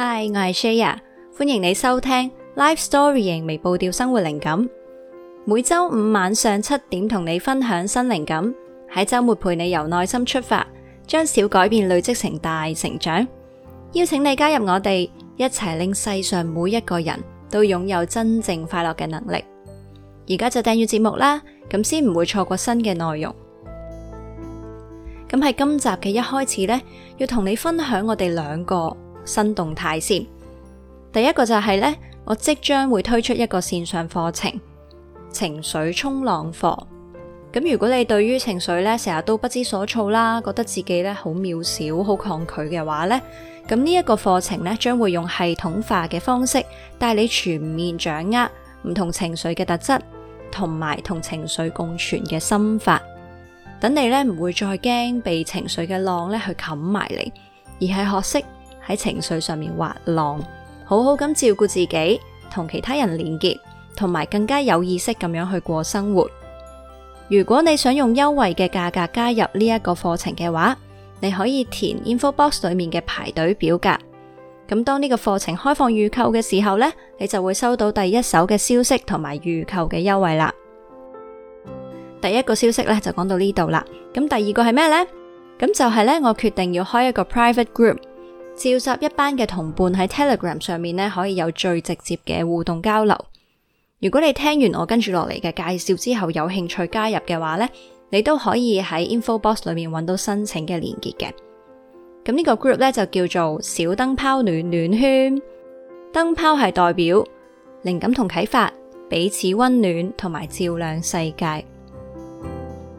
Hi，我係 Shaya，歡迎你收聽 Life Storying，微步調生活靈感，每周五晚上七點同你分享新靈感，喺周末陪你由內心出發，將小改變累積成大成長。邀請你加入我哋一齊令世上每一個人都擁有真正快樂嘅能力。而家就訂閱節目啦，咁先唔會錯過新嘅內容。咁喺今集嘅一開始呢，要同你分享我哋兩個。新動態先，第一個就係咧，我即將會推出一個線上課程《情緒衝浪課》。咁如果你對於情緒咧成日都不知所措啦，覺得自己咧好渺小、好抗拒嘅話咧，咁呢一個課程咧將會用系統化嘅方式帶你全面掌握唔同情緒嘅特質，同埋同情緒共存嘅心法，等你咧唔會再驚被情緒嘅浪咧去冚埋嚟，而係學識喺情緒上面滑浪，好好咁照顧自己，同其他人連結，同埋更加有意識咁樣去過生活。如果你想用優惠嘅價格加入呢一個課程嘅話，你可以填 info box 裏面嘅排隊表格。咁當呢個課程開放預購嘅時候呢，你就會收到第一手嘅消息同埋預購嘅優惠啦。第一個消息呢，就講到呢度啦。咁第二個係咩呢？咁就係呢，我決定要開一個 private group。召集一班嘅同伴喺 Telegram 上面咧，可以有最直接嘅互動交流。如果你聽完我跟住落嚟嘅介紹之後有興趣加入嘅話咧，你都可以喺 Info Box 裏面揾到申請嘅連結嘅。咁、這、呢個 group 咧就叫做小燈泡暖暖圈，燈泡係代表靈感同啟發，彼此溫暖同埋照亮世界。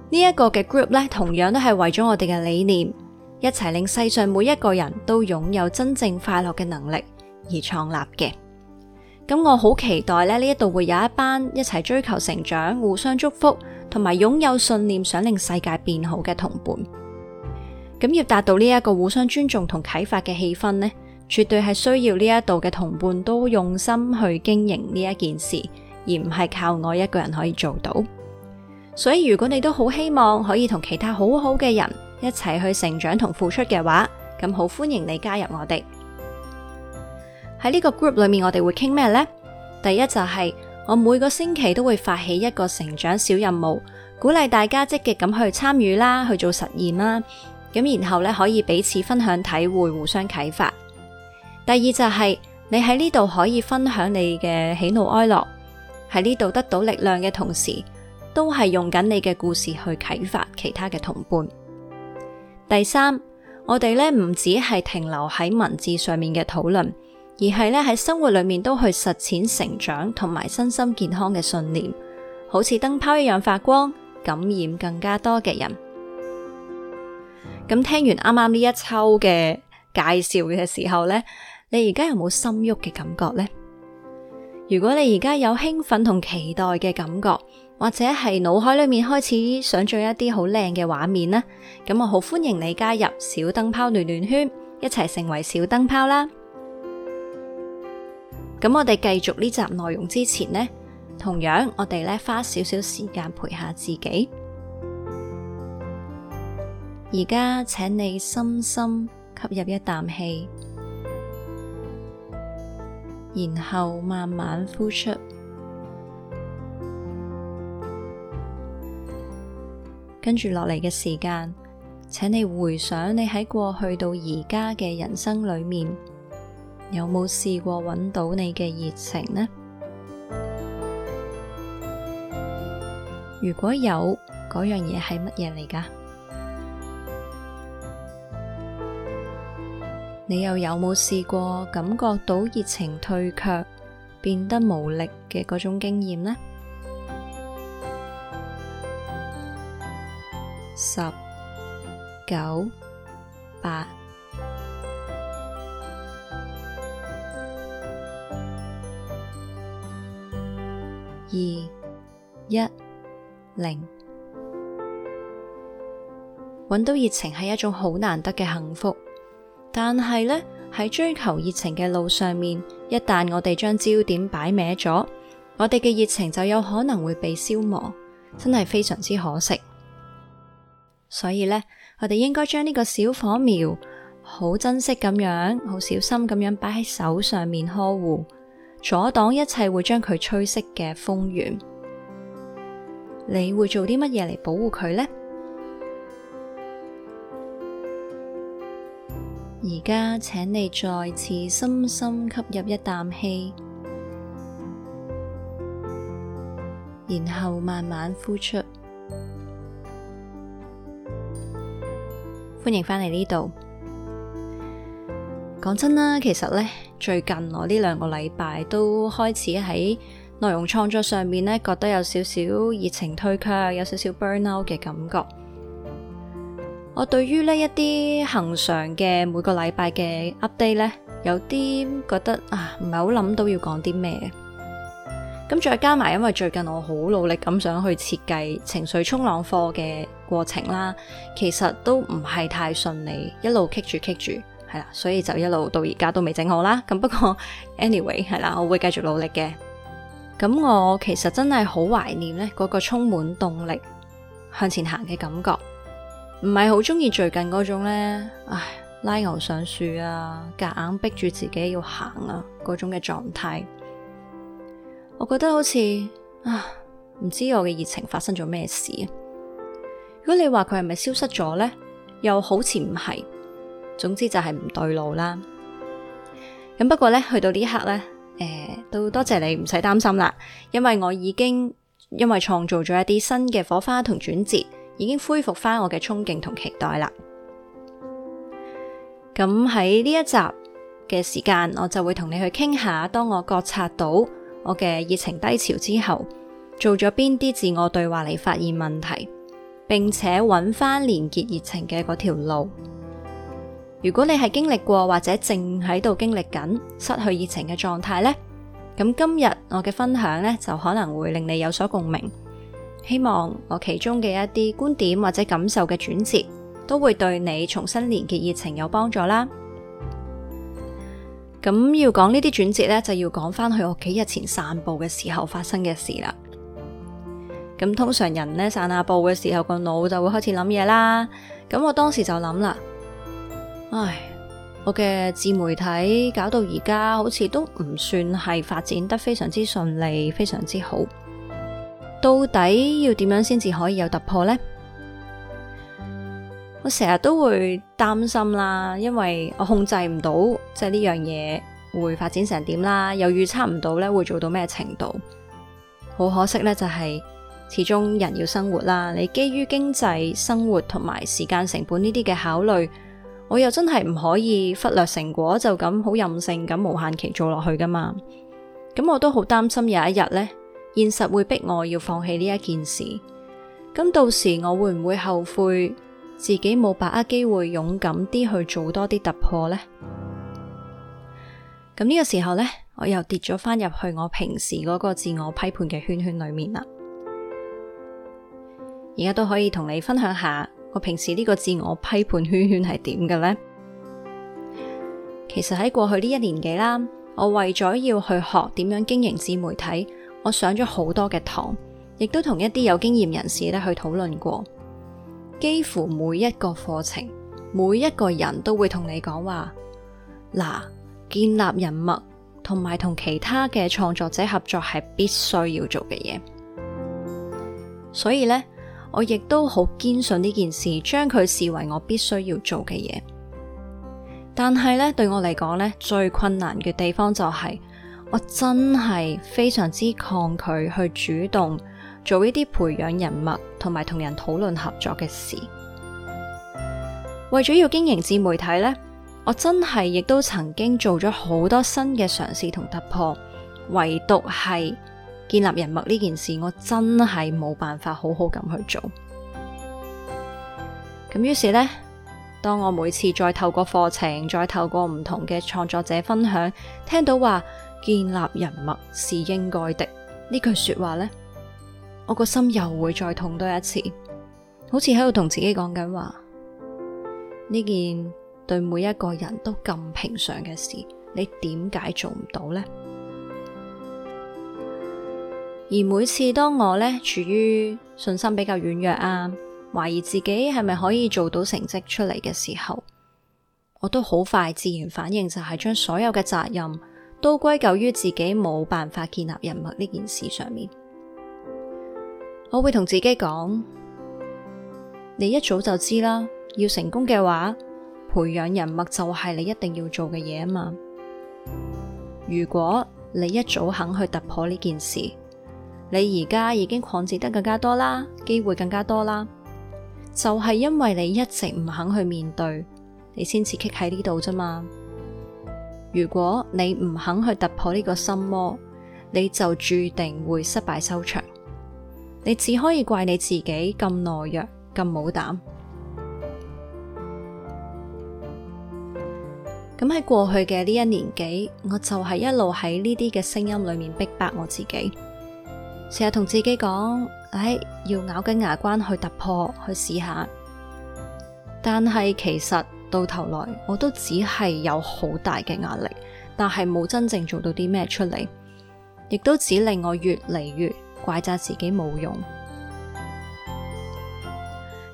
呢、這、一個嘅 group 咧，同樣都係為咗我哋嘅理念。一齊令世上每一個人都擁有真正快樂嘅能力而創立嘅，咁我好期待咧呢一度會有一班一齊追求成長、互相祝福同埋擁有信念、想令世界變好嘅同伴。咁要達到呢一個互相尊重同啟發嘅氣氛咧，絕對係需要呢一度嘅同伴都用心去經營呢一件事，而唔係靠我一個人可以做到。所以如果你都好希望可以同其他好好嘅人，一齊去成長同付出嘅話，咁好歡迎你加入我哋喺呢個 group 裏面。我哋會傾咩呢？第一就係我每個星期都會發起一個成長小任務，鼓勵大家積極咁去參與啦，去做實驗啦。咁然後咧可以彼此分享體會，互相啟發。第二就係你喺呢度可以分享你嘅喜怒哀樂，喺呢度得到力量嘅同時，都係用緊你嘅故事去啟發其他嘅同伴。第三，我哋咧唔止係停留喺文字上面嘅討論，而係咧喺生活裏面都去實踐成長同埋身心健康嘅信念，好似燈泡一樣發光，感染更加多嘅人。咁、嗯、聽完啱啱呢一抽嘅介紹嘅時候咧，你而家有冇心喐嘅感覺呢？如果你而家有興奮同期待嘅感覺。或者係腦海裏面開始想象一啲好靚嘅畫面呢，咁我好歡迎你加入小燈泡暖暖圈，一齊成為小燈泡啦！咁我哋繼續呢集內容之前呢，同樣我哋咧花少少時間陪下自己。而家請你深深吸入一啖氣，然後慢慢呼出。跟住落嚟嘅時間，請你回想你喺過去到而家嘅人生裏面，有冇試過揾到你嘅熱情呢？如果有，嗰樣嘢係乜嘢嚟㗎？你又有冇試過感覺到熱情退卻，變得無力嘅嗰種經驗呢？十九八二一零，揾到熱情係一種好難得嘅幸福，但係呢，喺追求熱情嘅路上面，一旦我哋將焦點擺歪咗，我哋嘅熱情就有可能會被消磨，真係非常之可惜。所以呢，我哋應該將呢個小火苗好珍惜咁樣，好小心咁樣擺喺手上面呵護，阻擋一切會將佢吹熄嘅風源。你會做啲乜嘢嚟保護佢呢？而家請你再次深深吸入一啖氣，然後慢慢呼出。歡迎翻嚟呢度。講真啦，其實呢，最近我呢兩個禮拜都開始喺內容創作上面呢，覺得有少少熱情退卻，有少少 burnout 嘅感覺。我對於呢一啲恒常嘅每個禮拜嘅 update 呢，有啲覺得啊，唔係好諗到要講啲咩。咁再加埋，因為最近我好努力咁想去設計情緒衝浪課嘅。過程啦，其實都唔係太順利，一路棘住棘住，係啦，所以就一路到而家都未整好啦。咁不過，anyway 係啦，我會繼續努力嘅。咁我其實真係好懷念呢嗰個充滿動力向前行嘅感覺，唔係好中意最近嗰種呢。唉，拉牛上樹啊，夾硬逼住自己要行啊嗰種嘅狀態，我覺得好似啊，唔知我嘅熱情發生咗咩事如果你話佢係咪消失咗呢？又好似唔係，總之就係唔對路啦。咁不過呢，去到呢刻呢，誒、欸，都多謝你唔使擔心啦，因為我已經因為創造咗一啲新嘅火花同轉折，已經恢復翻我嘅憧憬同期待啦。咁喺呢一集嘅時間，我就會同你去傾下，當我覺察到我嘅熱情低潮之後，做咗邊啲自我對話嚟發現問題。並且揾翻連結熱情嘅嗰條路。如果你係經歷過或者正喺度經歷緊失去熱情嘅狀態呢，咁今日我嘅分享呢，就可能會令你有所共鳴。希望我其中嘅一啲觀點或者感受嘅轉折，都會對你重新連結熱情有幫助啦。咁要講呢啲轉折呢，就要講翻去我幾日前散步嘅時候發生嘅事啦。咁通常人咧散下步嘅時候，個腦就會開始諗嘢啦。咁我當時就諗啦，唉，我嘅自媒體搞到而家好似都唔算係發展得非常之順利，非常之好。到底要點樣先至可以有突破呢？我成日都會擔心啦，因為我控制唔到，即係呢樣嘢會發展成點啦，又預測唔到咧會做到咩程度。好可惜咧，就係……始終人要生活啦，你基於經濟、生活同埋時間成本呢啲嘅考慮，我又真係唔可以忽略成果就咁好任性咁無限期做落去噶嘛。咁我都好擔心有一日呢，現實會逼我要放棄呢一件事。咁到時我會唔會後悔自己冇把握機會勇敢啲去做多啲突破呢？咁呢個時候呢，我又跌咗翻入去我平時嗰個自我批判嘅圈圈裏面啦。而家都可以同你分享下，我平時呢個自我批判圈圈係點嘅呢？其實喺過去呢一年幾啦，我為咗要去學點樣經營自媒體，我上咗好多嘅堂，亦都同一啲有經驗人士咧去討論過。幾乎每一個課程，每一個人都會同你講話嗱，建立人脈同埋同其他嘅創作者合作係必須要做嘅嘢，所以呢。我亦都好堅信呢件事，將佢視為我必須要做嘅嘢。但係咧，對我嚟講咧，最困難嘅地方就係，我真係非常之抗拒去主動做呢啲培養人脈同埋同人討論合作嘅事。為咗要經營自媒體咧，我真係亦都曾經做咗好多新嘅嘗試同突破，唯獨係。建立人脈呢件事，我真係冇辦法好好咁去做。咁於是呢，當我每次再透過課程，再透過唔同嘅創作者分享，聽到話建立人脈是應該的呢句說話呢，我個心又會再痛多一次，好似喺度同自己講緊話：呢件對每一個人都咁平常嘅事，你點解做唔到呢？而每次當我呢，處於信心比較軟弱啊，懷疑自己係咪可以做到成績出嚟嘅時候，我都好快自然反應就係將所有嘅責任都歸咎於自己冇辦法建立人脈呢件事上面。我會同自己講：你一早就知啦，要成功嘅話，培養人脈就係你一定要做嘅嘢啊嘛。如果你一早肯去突破呢件事，你而家已經擴展得更加多啦，機會更加多啦，就係因為你一直唔肯去面對，你先至棘喺呢度啫嘛。如果你唔肯去突破呢個心魔，你就注定會失敗收場。你只可以怪你自己咁懦弱，咁冇膽。咁喺過去嘅呢一年幾，我就係一路喺呢啲嘅聲音裏面逼迫我自己。成日同自己講，哎，要咬緊牙關去突破，去試下。但係其實到頭來，我都只係有好大嘅壓力，但係冇真正做到啲咩出嚟，亦都只令我越嚟越怪責自己冇用。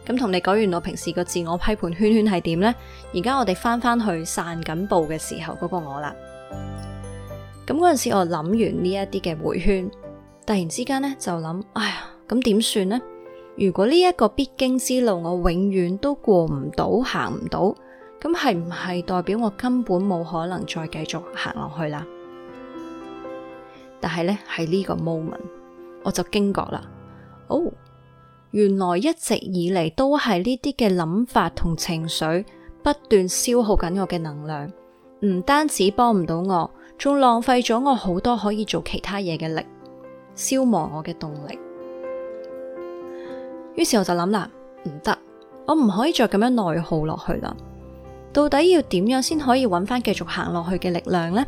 咁同 你講完我平時個自我批判圈圈係點呢？而家我哋返返去散緊步嘅時候，嗰個我啦。咁嗰陣時，我諗完呢一啲嘅回圈。突然之間呢，就諗，哎呀，咁點算呢？如果呢一個必經之路，我永遠都過唔到，行唔到，咁係唔係代表我根本冇可能再繼續行落去啦？但係呢，喺呢個 moment，我就驚覺啦，哦，原來一直以嚟都係呢啲嘅諗法同情緒不斷消耗緊我嘅能量，唔單止幫唔到我，仲浪費咗我好多可以做其他嘢嘅力。消磨我嘅動力，於是我就諗啦，唔得，我唔可以再咁樣內耗落去啦。到底要點樣先可以搵翻，繼續行落去嘅力量呢？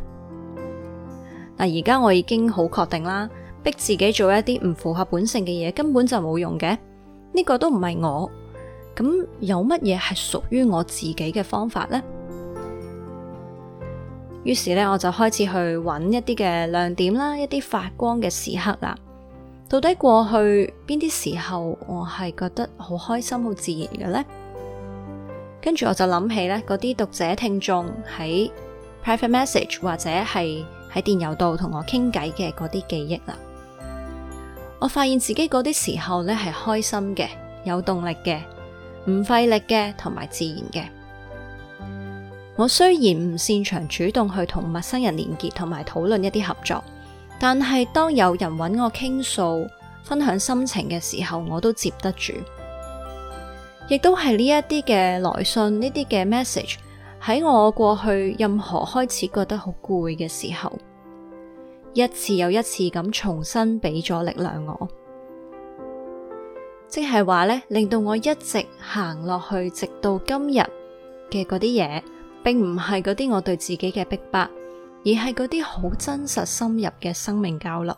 嗱，而家我已經好確定啦，逼自己做一啲唔符合本性嘅嘢，根本就冇用嘅。呢個都唔係我。咁，有乜嘢係屬於我自己嘅方法呢？於是咧，我就開始去揾一啲嘅亮點啦，一啲發光嘅時刻啦。到底過去邊啲時候，我係覺得好開心、好自然嘅呢？跟住我就諗起咧，嗰啲讀者、聽眾喺 private message 或者係喺電郵度同我傾偈嘅嗰啲記憶啦。我發現自己嗰啲時候咧，係開心嘅、有動力嘅、唔費力嘅同埋自然嘅。我雖然唔擅長主動去同陌生人連結，同埋討論一啲合作，但係當有人揾我傾訴、分享心情嘅時候，我都接得住。亦都係呢一啲嘅來信，呢啲嘅 message 喺我過去任何開始覺得好攰嘅時候，一次又一次咁重新俾咗力量我，即係話呢令到我一直行落去，直到今日嘅嗰啲嘢。並唔係嗰啲我對自己嘅逼迫，而係嗰啲好真實深入嘅生命交流。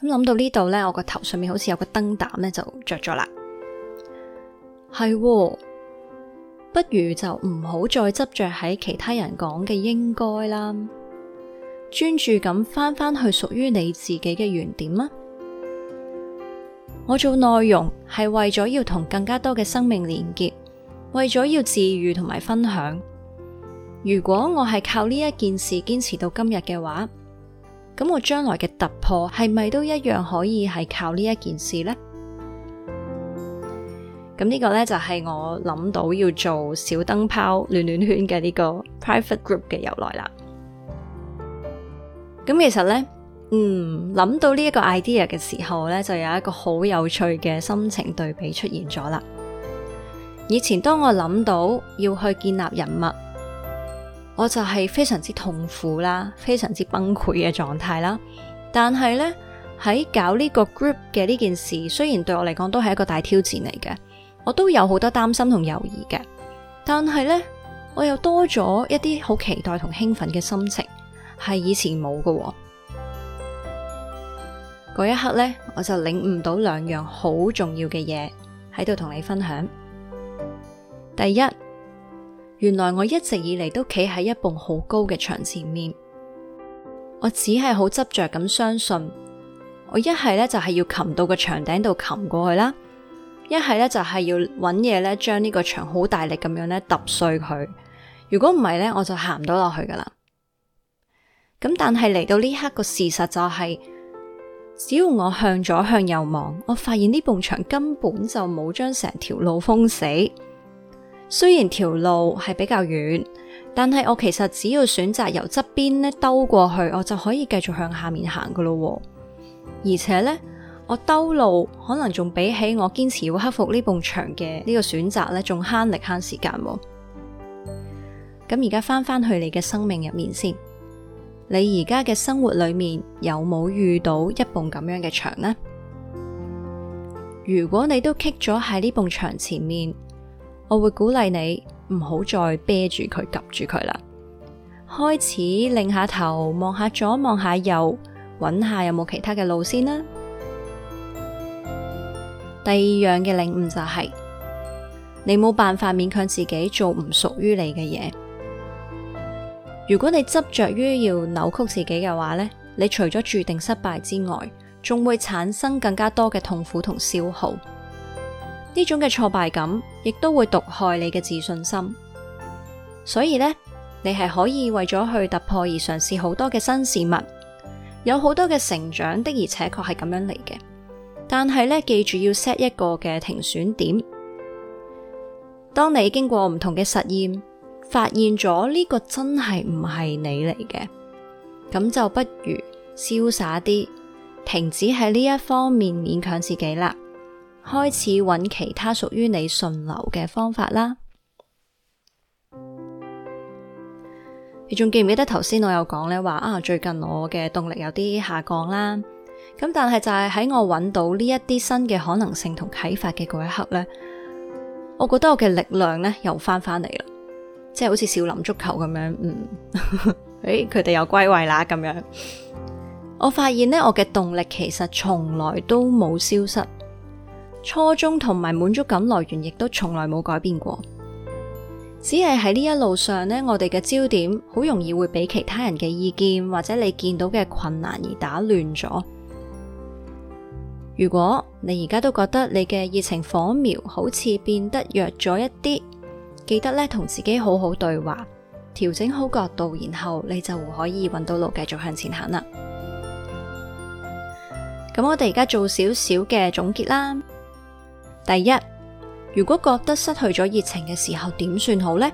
咁諗到呢度呢，我個頭上面好似有個燈膽呢就着咗啦。係，不如就唔好再執着喺其他人講嘅應該啦，專注咁返返去屬於你自己嘅原點啊！我做內容係為咗要同更加多嘅生命連結。為咗要治癒同埋分享，如果我係靠呢一件事堅持到今日嘅話，咁我將來嘅突破係咪都一樣可以係靠呢一件事呢？咁呢個咧就係、是、我諗到要做小燈泡暖暖圈，嘅呢個 private group 嘅由來啦。咁其實咧，嗯，諗到呢一個 idea 嘅時候咧，就有一個好有趣嘅心情對比出現咗啦。以前當我諗到要去建立人物，我就係非常之痛苦啦，非常之崩潰嘅狀態啦。但係呢，喺搞呢個 group 嘅呢件事，雖然對我嚟講都係一個大挑戰嚟嘅，我都有好多擔心同猶豫嘅。但係呢，我又多咗一啲好期待同興奮嘅心情，係以前冇嘅。嗰一刻呢，我就領悟到兩樣好重要嘅嘢，喺度同你分享。第一，原來我一直以嚟都企喺一埲好高嘅牆前面，我只係好執着咁相信，我一係咧就係要擒到個牆頂度擒過去啦，一係咧就係要揾嘢咧將呢個牆好大力咁樣咧揼碎佢。如果唔係咧，我就行唔到落去噶啦。咁但係嚟到呢刻個事實就係，只要我向左向右望，我發現呢埲牆根本就冇將成條路封死。雖然條路係比較遠，但係我其實只要選擇由側邊呢兜過去，我就可以繼續向下面行噶咯。而且呢，我兜路可能仲比起我堅持要克服呢埲牆嘅呢個選擇呢，仲慳力慳時間，哦。咁而家翻返去你嘅生命入面先，你而家嘅生活裏面有冇遇到一埲咁樣嘅牆呢？如果你都棘咗喺呢埲牆前面。我會鼓勵你，唔好再啤住佢、及住佢啦。開始擰下頭，望下左，望下右，揾下有冇其他嘅路先啦。第二樣嘅領悟就係、是，你冇辦法勉強自己做唔屬於你嘅嘢。如果你執着於要扭曲自己嘅話呢，你除咗注定失敗之外，仲會產生更加多嘅痛苦同消耗。呢種嘅挫敗感，亦都會毒害你嘅自信心。所以呢，你係可以為咗去突破而嘗試好多嘅新事物，有好多嘅成長的，的而且確係咁樣嚟嘅。但係呢，記住要 set 一個嘅停損點。當你經過唔同嘅實驗，發現咗呢個真係唔係你嚟嘅，咁就不如瀟灑啲，停止喺呢一方面勉強自己啦。開始揾其他屬於你順流嘅方法啦。你仲記唔記得頭先我有講咧，話啊最近我嘅動力有啲下降啦。咁但係就係喺我揾到呢一啲新嘅可能性同啟發嘅嗰一刻咧，我覺得我嘅力量咧又翻翻嚟啦，即係好似少林足球咁樣，嗯，誒， 佢哋又歸位啦咁樣。我發現咧，我嘅動力其實從來都冇消失。初衷同埋滿足感來源，亦都從來冇改變過，只係喺呢一路上呢，我哋嘅焦點好容易會俾其他人嘅意見或者你見到嘅困難而打亂咗。如果你而家都覺得你嘅熱情火苗好似變得弱咗一啲，記得咧，同自己好好對話，調整好角度，然後你就可以揾到路繼續向前行啦。咁我哋而家做少少嘅總結啦。第一，如果覺得失去咗熱情嘅時候，點算好呢？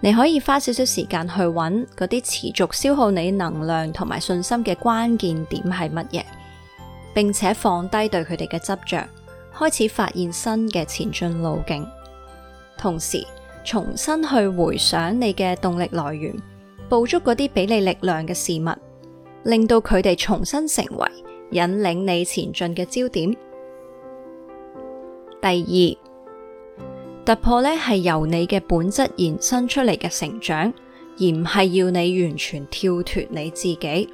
你可以花少少時間去揾嗰啲持續消耗你能量同埋信心嘅關鍵點係乜嘢，並且放低對佢哋嘅執着，開始發現新嘅前進路徑，同時重新去回想你嘅動力來源，捕捉嗰啲俾你力量嘅事物，令到佢哋重新成為引領你前進嘅焦點。第二，突破咧，係由你嘅本質延伸出嚟嘅成長，而唔係要你完全跳脱你自己。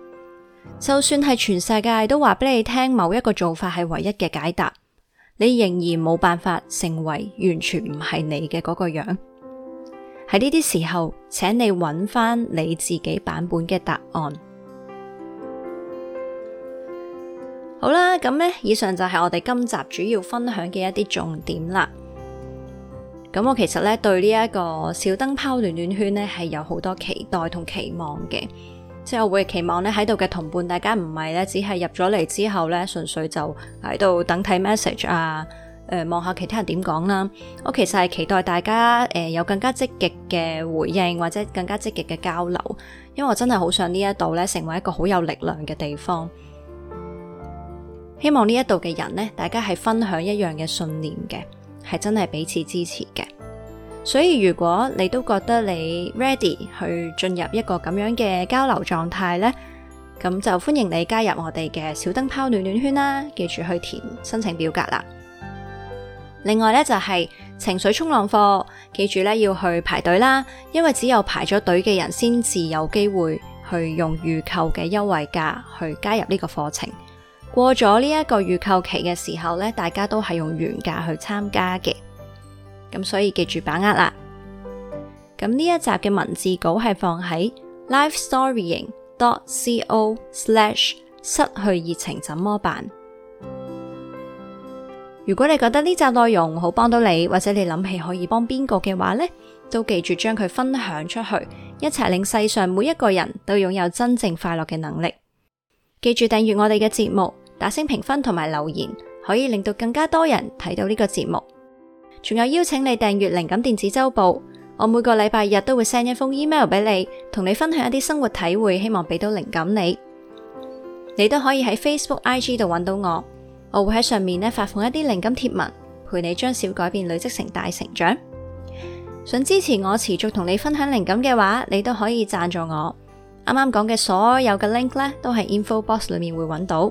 就算係全世界都話俾你聽，某一個做法係唯一嘅解答，你仍然冇辦法成為完全唔係你嘅嗰個樣。喺呢啲時候，請你揾翻你自己版本嘅答案。好啦，咁呢，以上就係我哋今集主要分享嘅一啲重點啦。咁我其實呢，對呢一個小燈泡暖暖圈呢，係有好多期待同期望嘅，即係我會期望呢，喺度嘅同伴，大家唔係呢，只係入咗嚟之後呢，純粹就喺度等睇 message 啊，誒、呃，望下其他人點講啦。我其實係期待大家誒有更加積極嘅回應或者更加積極嘅交流，因為我真係好想呢一度呢，成為一個好有力量嘅地方。希望呢一度嘅人呢，大家係分享一樣嘅信念嘅，係真係彼此支持嘅。所以如果你都覺得你 ready 去進入一個咁樣嘅交流狀態呢，咁就歡迎你加入我哋嘅小燈泡暖暖圈啦。記住去填申請表格啦。另外呢，就係情緒衝浪課，記住呢要去排隊啦，因為只有排咗隊嘅人先至有機會去用預購嘅優惠價去加入呢個課程。過咗呢一個預購期嘅時候咧，大家都係用原價去參加嘅，咁所以記住把握啦。咁呢一集嘅文字稿係放喺 lifestorying dot co slash 失去熱情怎麼辦？如果你覺得呢集內容好幫到你，或者你諗起可以幫邊個嘅話咧，都記住將佢分享出去，一齊令世上每一個人都擁有真正快樂嘅能力。記住訂閱我哋嘅節目。打星評分同埋留言可以令到更加多人睇到呢個節目，仲有邀請你訂閱靈感電子周報。我每個禮拜日都會 send 一封 email 俾你，同你分享一啲生活體會，希望俾到靈感你。你都可以喺 Facebook、IG 度揾到我，我會喺上面咧發放一啲靈感貼文，陪你將小改變累積成大成長。想支持我持續同你分享靈感嘅話，你都可以贊助我。啱啱講嘅所有嘅 link 咧，都喺 info box 裏面會揾到。